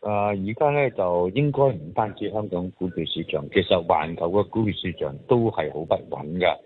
誒而家咧就應該唔單止香港股票市場，其實環球嘅股票市場都係好不穩嘅。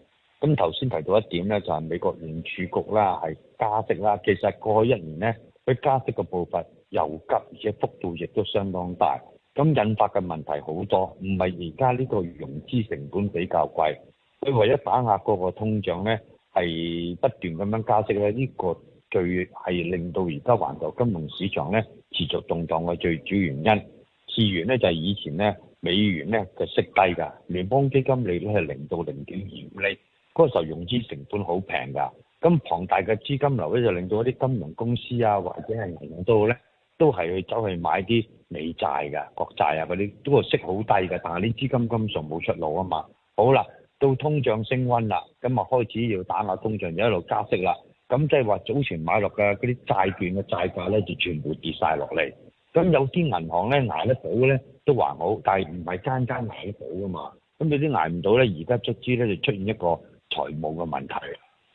咁頭先提到一點咧，就係、是、美國聯儲局啦，係加息啦。其實過去一年呢，佢加息嘅步伐又急，而且幅度亦都相當大。咁引發嘅問題好多，唔係而家呢個融資成本比較貴。佢為咗打壓個個通脹咧，係不斷咁樣加息咧，呢、這個。最係令到而家環球金融市場咧持續動盪嘅最主要原因，次源咧就係、是、以前咧美元咧嘅息低㗎，聯邦基金利率係零到零點二五釐，嗰時候融資成本好平㗎，咁龐大嘅資金流咧就令到一啲金融公司啊，或者係銀行都好咧，都係去走去買啲美債㗎，國債啊嗰啲，都個息好低㗎，但係呢資金根本冇出路啊嘛。好啦，到通脹升溫啦，咁啊開始要打壓通脹，就一路加息啦。咁即係話早前買落嘅嗰啲債券嘅債價咧，就全部跌晒落嚟。咁有啲銀行咧捱得到咧都還好，但係唔係間間捱得到噶嘛。咁有啲捱唔到咧，而家卒之咧就出現一個財務嘅問題。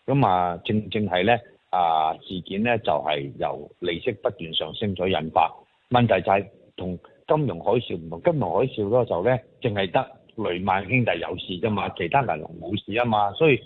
咁啊，正正係咧啊事件咧就係、是、由利息不斷上升咗引發。問題就係同金融海嘯唔同，金融海嘯嗰個時候咧，淨係得雷曼兄弟有事啫嘛，其他銀行冇事啊嘛，所以。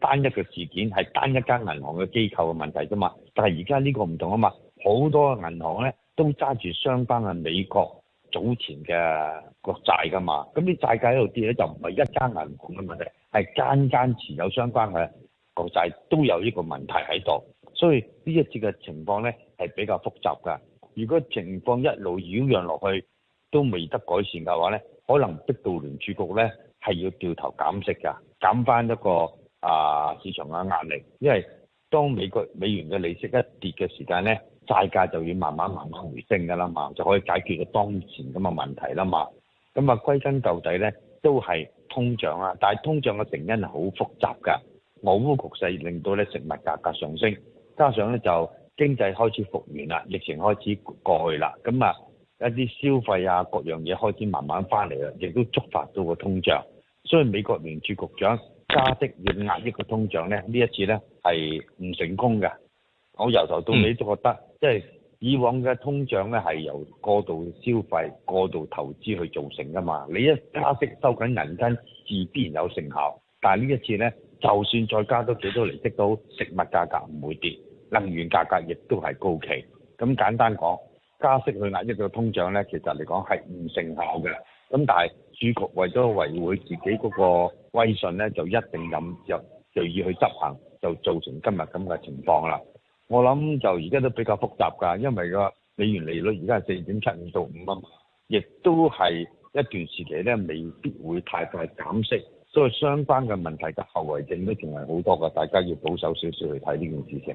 單一嘅事件係單一間銀行嘅機構嘅問題啫嘛，但係而家呢個唔同啊嘛，好多銀行咧都揸住相關嘅美國早前嘅國債㗎嘛，咁啲債價喺度跌咧就唔係一間銀行嘅問題，係間間持有相關嘅國債都有呢個問題喺度，所以呢一次嘅情況咧係比較複雜㗎。如果情況一路擾攘落去都未得改善嘅話咧，可能逼到聯儲局咧係要掉頭減息㗎，減翻一個。啊！市場嘅壓力，因為當美國美元嘅利息一跌嘅時間呢債價就要慢慢慢慢回升噶啦嘛，就可以解決到當前咁嘅問題啦嘛。咁啊，歸根究底呢都係通脹啦。但係通脹嘅成因係好複雜㗎。俄烏局勢令到呢食物價格上升，加上呢就經濟開始復原啦，疫情開始過去啦，咁啊一啲消費啊各樣嘢開始慢慢翻嚟啦，亦都觸發到個通脹。所以美國聯儲局長。加息要壓抑個通脹咧，呢一次咧係唔成功嘅。我由頭到尾都覺得，嗯、即係以往嘅通脹咧係由過度消費、過度投資去造成㗎嘛。你一加息收緊銀根，自必然有成效。但係呢一次咧，就算再加多幾多利息都好，食物價格唔會跌，能源價格亦都係高企。咁簡單講，加息去壓抑個通脹咧，其實嚟講係唔成效嘅。咁但係，主局為咗維護自己嗰個威信咧，就一定咁又就要去執行，就造成今日咁嘅情況啦。我諗就而家都比較複雜㗎，因為個美元利率而家係四點七五到五啊，亦都係一段時期咧未必會太快減息，所以相關嘅問題嘅後遺症都仲係好多㗎，大家要保守少少去睇呢件事情。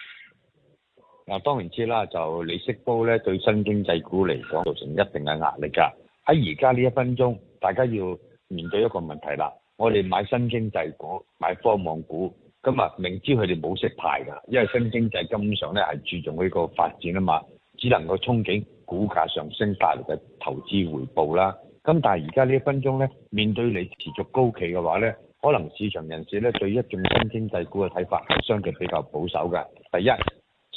嗱，當然知啦，就利息高咧，對新經濟股嚟講造成一定嘅壓力㗎。喺而家呢一分鐘，大家要面對一個問題啦。我哋買新經濟股、買科網股，咁啊，明知佢哋冇息派㗎，因為新經濟根本上咧係注重呢個發展啊嘛，只能夠憧憬股價上升帶嚟嘅投資回報啦。咁但係而家呢一分鐘咧，面對你持續高企嘅話咧，可能市場人士咧對一眾新經濟股嘅睇法係相對比較保守嘅。第一。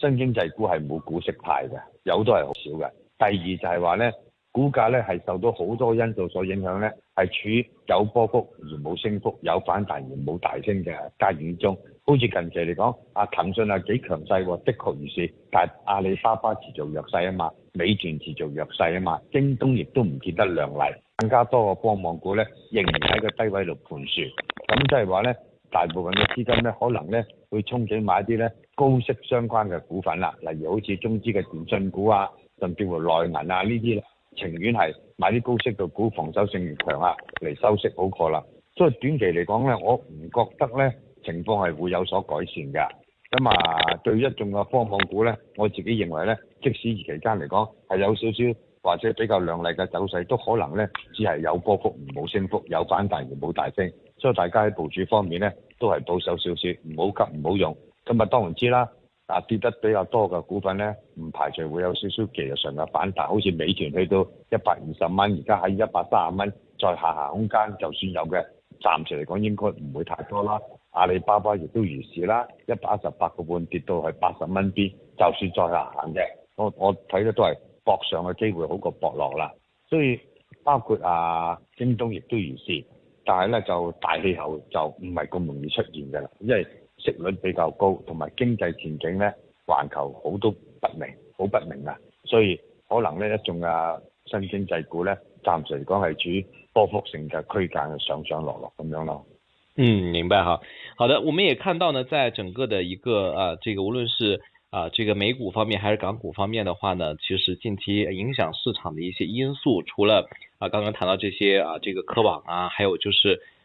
新經濟股係冇股息派嘅，有都係好少嘅。第二就係話咧，股價咧係受到好多因素所影響咧，係處於有波幅而冇升幅，有反彈而冇大升嘅階段中。好似近期嚟講，阿騰訊啊幾強勢喎，的確如是，但係阿里巴巴持續弱勢啊嘛，美團持續弱勢啊嘛，京東亦都唔見得亮麗，更加多個幫忙股咧仍然喺個低位度盤旋。咁即係話咧，大部分嘅資金咧可能咧會衝頂買啲咧。高息相關嘅股份啦，例如好似中資嘅電信股啊，甚至乎內銀啊呢啲，情願係買啲高息嘅股，防守性越強啊，嚟收息好過啦。所以短期嚟講咧，我唔覺得咧情況係會有所改善㗎。咁啊，對一眾嘅科網股咧，我自己認為咧，即使期間嚟講係有少少或者比較亮麗嘅走勢，都可能咧只係有波幅，冇升幅，有反彈而冇大升。所以大家喺部署方面咧，都係保守少少，唔好急，唔好用。今日當然知啦，啊跌得比較多嘅股份咧，唔排除會有少少技術上嘅反彈，好似美團去到一百二十蚊，而家喺一百三十蚊，再下行，行空間就算有嘅，暫時嚟講應該唔會太多啦。阿里巴巴亦都如是啦，一百一十八個半跌到去八十蚊啲，就算再下行嘅，我我睇得都係搏上嘅機會好過搏落啦。所以包括啊，京東亦都如是，但係咧就大氣候就唔係咁容易出現嘅啦，因為。息率比較高，同埋經濟前景呢，環球好都不明，好不明啊！所以可能呢，一眾啊新經濟股呢，暫時嚟講係處於波幅性嘅區間，上上落落咁樣咯。嗯，明白哈。好的，我們也看到呢，在整個的一個啊，這個無論是啊，這個美股方面，還是港股方面的話呢，其實近期影響市場的一些因素，除了啊，剛剛談到這些啊，這個科網啊，還有就是。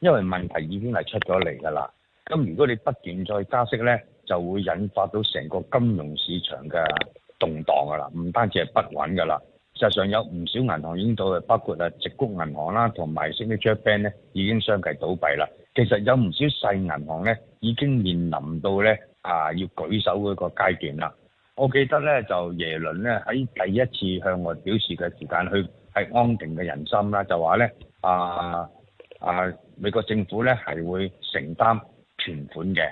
因為問題已經係出咗嚟㗎啦，咁如果你不斷再加息呢，就會引發到成個金融市場嘅動盪㗎啦，唔單止係不穩㗎啦，事實上有唔少銀行已經到包括啊矽谷銀行啦，同埋 Signature Bank 呢已經相繼倒閉啦。其實有唔少細銀行呢已經面臨到呢，啊要舉手嗰個階段啦。我記得呢，就耶倫呢喺第一次向外表示嘅時間去係安定嘅人心啦，就話呢。啊啊～美國政府咧係會承擔存款嘅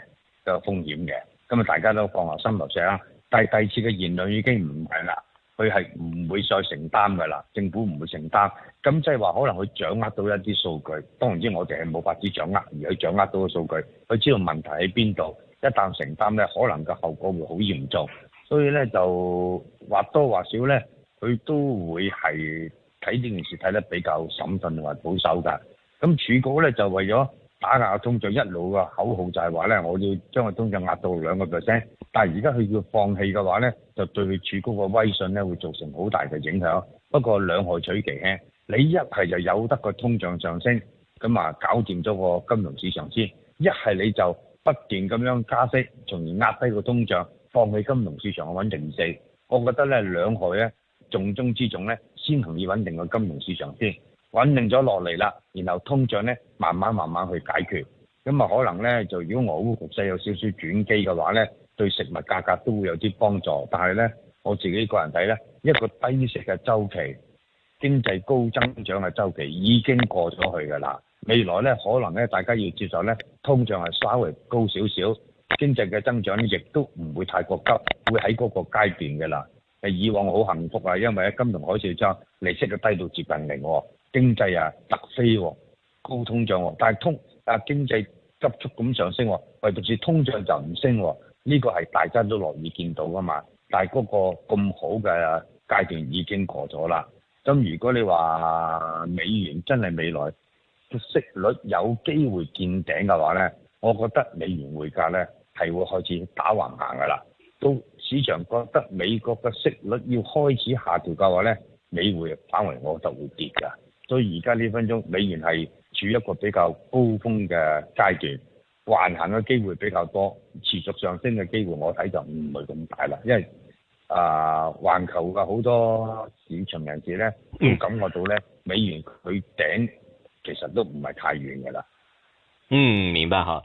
嘅風險嘅，咁啊大家都放下心頭石啦。但係第二次嘅言論已經唔係啦，佢係唔會再承擔噶啦，政府唔會承擔。咁即係話可能佢掌握到一啲數據，當然之我哋係冇法子掌握而佢掌握到嘅數據，佢知道問題喺邊度。一旦承擔咧，可能個後果會好嚴重，所以咧就或多或少咧，佢都會係睇呢件事睇得比較審慎同埋保守㗎。咁儲局咧就為咗打壓通脹，一路個口號就係話咧，我要將個通脹壓到兩個 percent。但係而家佢要放棄嘅話咧，就對佢儲局個威信咧會造成好大嘅影響。不過兩害取其輕，你一係就有得個通脹上升，咁啊搞掂咗個金融市場先；一係你就不斷咁樣加息，從而壓低個通脹，放棄金融市場嘅穩定性。我覺得咧兩害咧重中之重咧，先可以穩定個金融市場先。穩定咗落嚟啦，然後通脹咧慢慢慢慢去解決咁啊，可能咧就如果俄烏局勢有少少轉機嘅話咧，對食物價格都會有啲幫助。但係咧我自己個人睇咧，一個低息嘅周期、經濟高增長嘅周期已經過咗去㗎啦。未來咧可能咧大家要接受咧通脹係稍微高少少，經濟嘅增長亦都唔會太過急，會喺嗰個階段㗎啦。以往好幸福啊，因為喺金融海嘯之後，利息都低到接近零喎、哦。經濟啊，突飛喎、哦，高通脹喎、哦，但係通啊經濟急速咁上升、哦，唯、哎、獨是通脹就唔升、哦，呢、這個係大家都樂意見到㗎嘛。但係嗰個咁好嘅階段已經過咗啦。咁、嗯、如果你話美元真係未來嘅息率有機會見頂嘅話呢，我覺得美元匯價呢係會開始打橫行㗎啦。都市場覺得美國嘅息率要開始下調嘅話呢，美匯反為我就會跌㗎。所以而家呢分鐘美元係處於一個比較高峰嘅階段，橫行嘅機會比較多，持續上升嘅機會我睇就唔係咁大啦，因為啊，環、呃、球嘅好多市場人士咧都感覺到咧美元佢頂其實都唔係太遠嘅啦。嗯，明白嚇。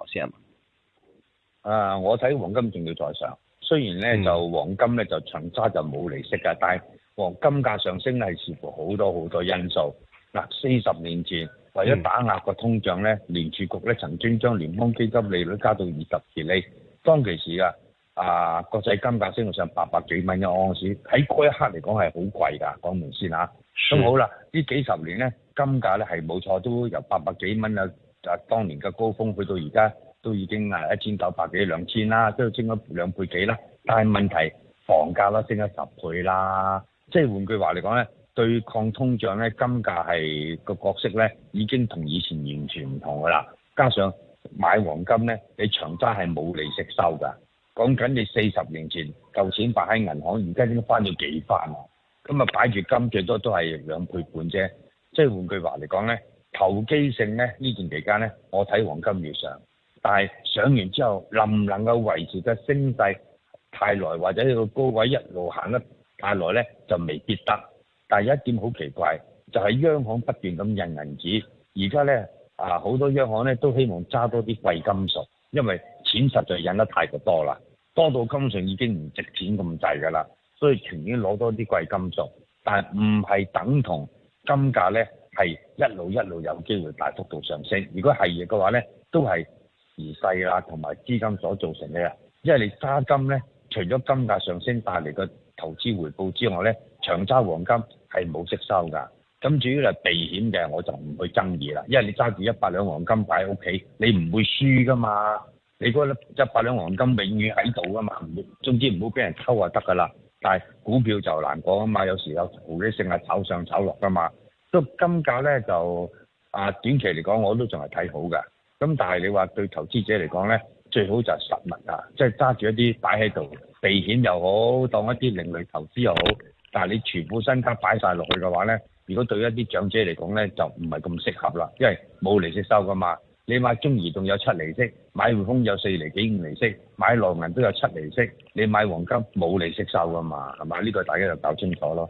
先係嘛？啊，我睇黃金仲要再上，雖然咧、嗯、就黃金咧就長揸就冇利息噶，但係黃金價上升係視乎好多好多因素。嗱、嗯，四十、啊、年前為咗打壓個通脹咧，聯儲局咧曾經將聯邦基金利率加到二十釐，當其時啊，啊國際金價升到上八百幾蚊一盎司，喺嗰一刻嚟講係好貴㗎，講明先嚇。咁好啦，呢幾十年咧，金價咧係冇錯都由八百幾蚊啊～就係當年嘅高峰，去到而家都已經啊一千九百幾兩千啦，都升咗兩倍幾啦。但係問題是房價啦，升咗十倍啦。即係換句話嚟講咧，對抗通脹咧，金價係個角色咧，已經同以前完全唔同噶啦。加上買黃金咧，你長揸係冇利息收㗎。講緊你四十年前舊錢擺喺銀行，而家已經翻咗幾翻啊？咁啊擺住金最多都係兩倍半啫。即係換句話嚟講咧。投機性咧，呢段期間咧，我睇黃金要上，但係上完之後能唔能夠維持個升勢太耐，或者呢個高位一路行得太耐咧，就未必得。但係有一點好奇怪，就係、是、央行不斷咁印銀紙。而家咧啊，好多央行咧都希望揸多啲貴金屬，因為錢實在印得太過多啦，多到金屬已經唔值錢咁滯噶啦，所以全啲攞多啲貴金屬，但係唔係等同金價咧，係一路一路有機會大幅度上升。如果係嘅話呢都係時勢啦，同埋資金所造成嘅。因為你揸金呢，除咗金額上升帶嚟個投資回報之外呢，長揸黃金係冇息收㗎。咁至於嚟避險嘅，我就唔去爭議啦。因為你揸住一百兩黃金擺喺屋企，你唔會輸㗎嘛。你嗰一百兩黃金永遠喺度㗎嘛，唔，總之唔好俾人偷就得㗎啦。但係股票就難講啊嘛，有時候有投資性係炒上炒落㗎嘛。都金價咧就啊，短期嚟講我都仲係睇好㗎。咁但係你話對投資者嚟講咧，最好就實物啊，即係揸住一啲擺喺度避險又好，當一啲另類投資又好。但係你全部身家擺晒落去嘅話咧，如果對一啲長者嚟講咧，就唔係咁適合啦，因為冇利息收噶嘛。你買中移仲有七釐息，買匯豐有四厘幾五釐息，買銀都有七釐息，你買黃金冇利息收噶嘛，係嘛？呢個大家就搞清楚咯。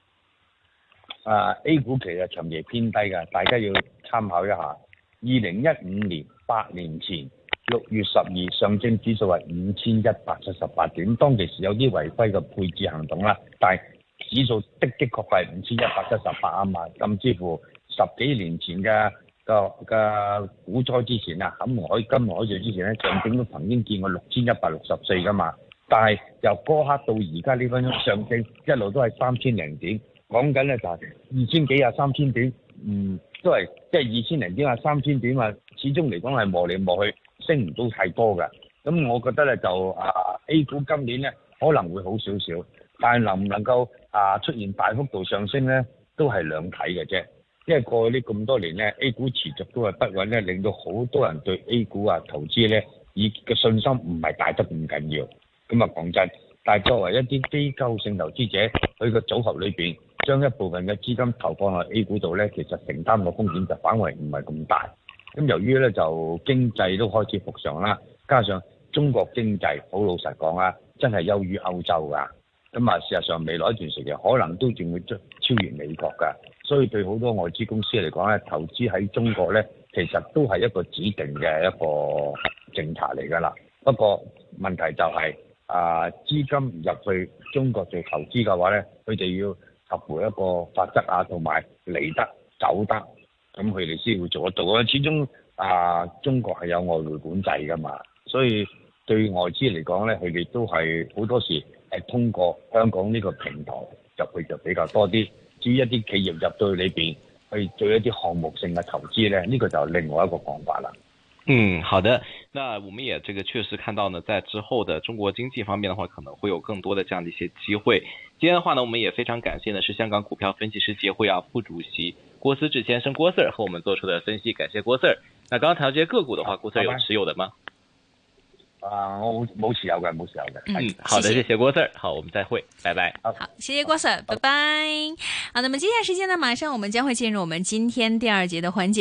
啊、uh，A 股其實長期偏低嘅，大家要參考一下。二零一五年八年前六月十二，上證指數係五千一百七十八點，當其時有啲違規嘅配置行動啦，但係指數的的確係五千一百七十八啊嘛。咁甚至乎，十幾年前嘅嘅嘅股災之前啊，海金海嘅之前咧、啊，上證都曾經見過六千一百六十四啊嘛。但係由嗰刻到而家呢分鐘，上證一路都係三千零點。講緊咧就二千幾啊三千點，嗯，都係即係二千零點啊三千點啊，始終嚟講係磨嚟磨去，升唔到太多㗎。咁我覺得咧就啊，A 股今年咧可能會好少少，但係能唔能夠啊出現大幅度上升咧，都係兩睇嘅啫。因為過去呢咁多年咧，A 股持續都係不穩咧，令到好多人對 A 股啊投資咧，以嘅信心唔係大得咁緊要。咁啊講真，但係作為一啲機構性投資者，佢個組合裏面。將一部分嘅資金投放去 A 股度呢，其實承擔個風險就反為唔係咁大。咁由於呢，就經濟都開始復常啦，加上中國經濟好老實講啊，真係優於歐洲㗎。咁啊，事實上未來一段時期可能都仲會超越美國㗎。所以對好多外資公司嚟講呢，投資喺中國呢，其實都係一個指定嘅一個政策嚟㗎啦。不過問題就係啊，資金入去中國做投資嘅話呢，佢哋要。合乎一個法則啊，同埋嚟得走得，咁佢哋先會做得到。始終啊，中國係有外匯管制㗎嘛，所以對外資嚟講咧，佢哋都係好多時係通過香港呢個平台入去就比較多啲。至於一啲企業入到去裏邊去做一啲項目性嘅投資咧，呢個就另外一個講法啦。嗯，好的。那我們也這個確實看到呢，在之後的中國經濟方面的話，可能會有更多的這樣的一些機會。今天的話呢，我們也非常感謝的是香港股票分析師協會啊副主席郭思志郭思治先生郭 Sir 和我們做出的分析，感謝郭 Sir。那剛剛談到這些個股的話，郭 Sir 有持有的嗎？啊，我冇持要持有嘅，冇持要持有嘅。嗯，好的，謝，謝謝郭 Sir。好，我們再會，拜拜。好，謝謝郭 Sir，拜拜。好，那麼接下來時間呢，馬上我們將會進入我們今天第二節的環節。